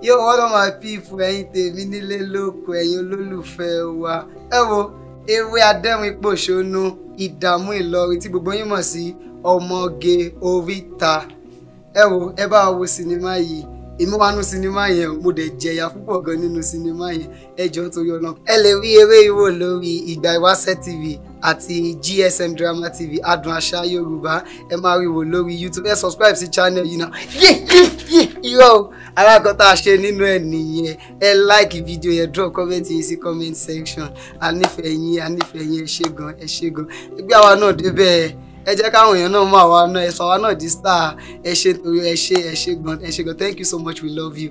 yo all of my people ẹ̀yin tèmi nílé lóko ẹ̀yin olólùfẹ́ wa ẹ wo ewé adẹ́rùn ipò ṣonú ìdààmú ìlọrin tí gbogbo yín mọ̀ sí ọmọge oríta ẹ wo ẹ bá wo sinimá yìí èmi wá nú sinimá yẹn mo dẹ̀ jẹ̀yà púpọ̀ gan nínú sinimá yẹn ẹ jọ̀ọ́ torí Ọlọ́run. ẹ lè rí eré ìwò lórí Ìgbà Ìwáṣẹ̀ TV àti GSM Drama TV Adùn Àṣà Yorùbá ẹ máa rí wò lórí YouTube ẹ subscribe sí channel yìí náà yé yé yé irọ́ o alákan tá a ṣe nínú ẹ nìyẹn ẹ like fídíò yẹn drop comment yín sí comment section a nífẹ̀ẹ́ yín a nífẹ̀ẹ́ yín ẹ ṣé gan ẹ ṣé gan ẹgbẹ́ àwa náà débẹ̀ ẹ jẹ́ káwọn èèyàn náà mọ̀ àwa náà ẹ sọ àwa náà di star ẹ ṣé torí ẹ ṣé ẹ ṣé gan ẹ ṣé gan thank you so much we love you.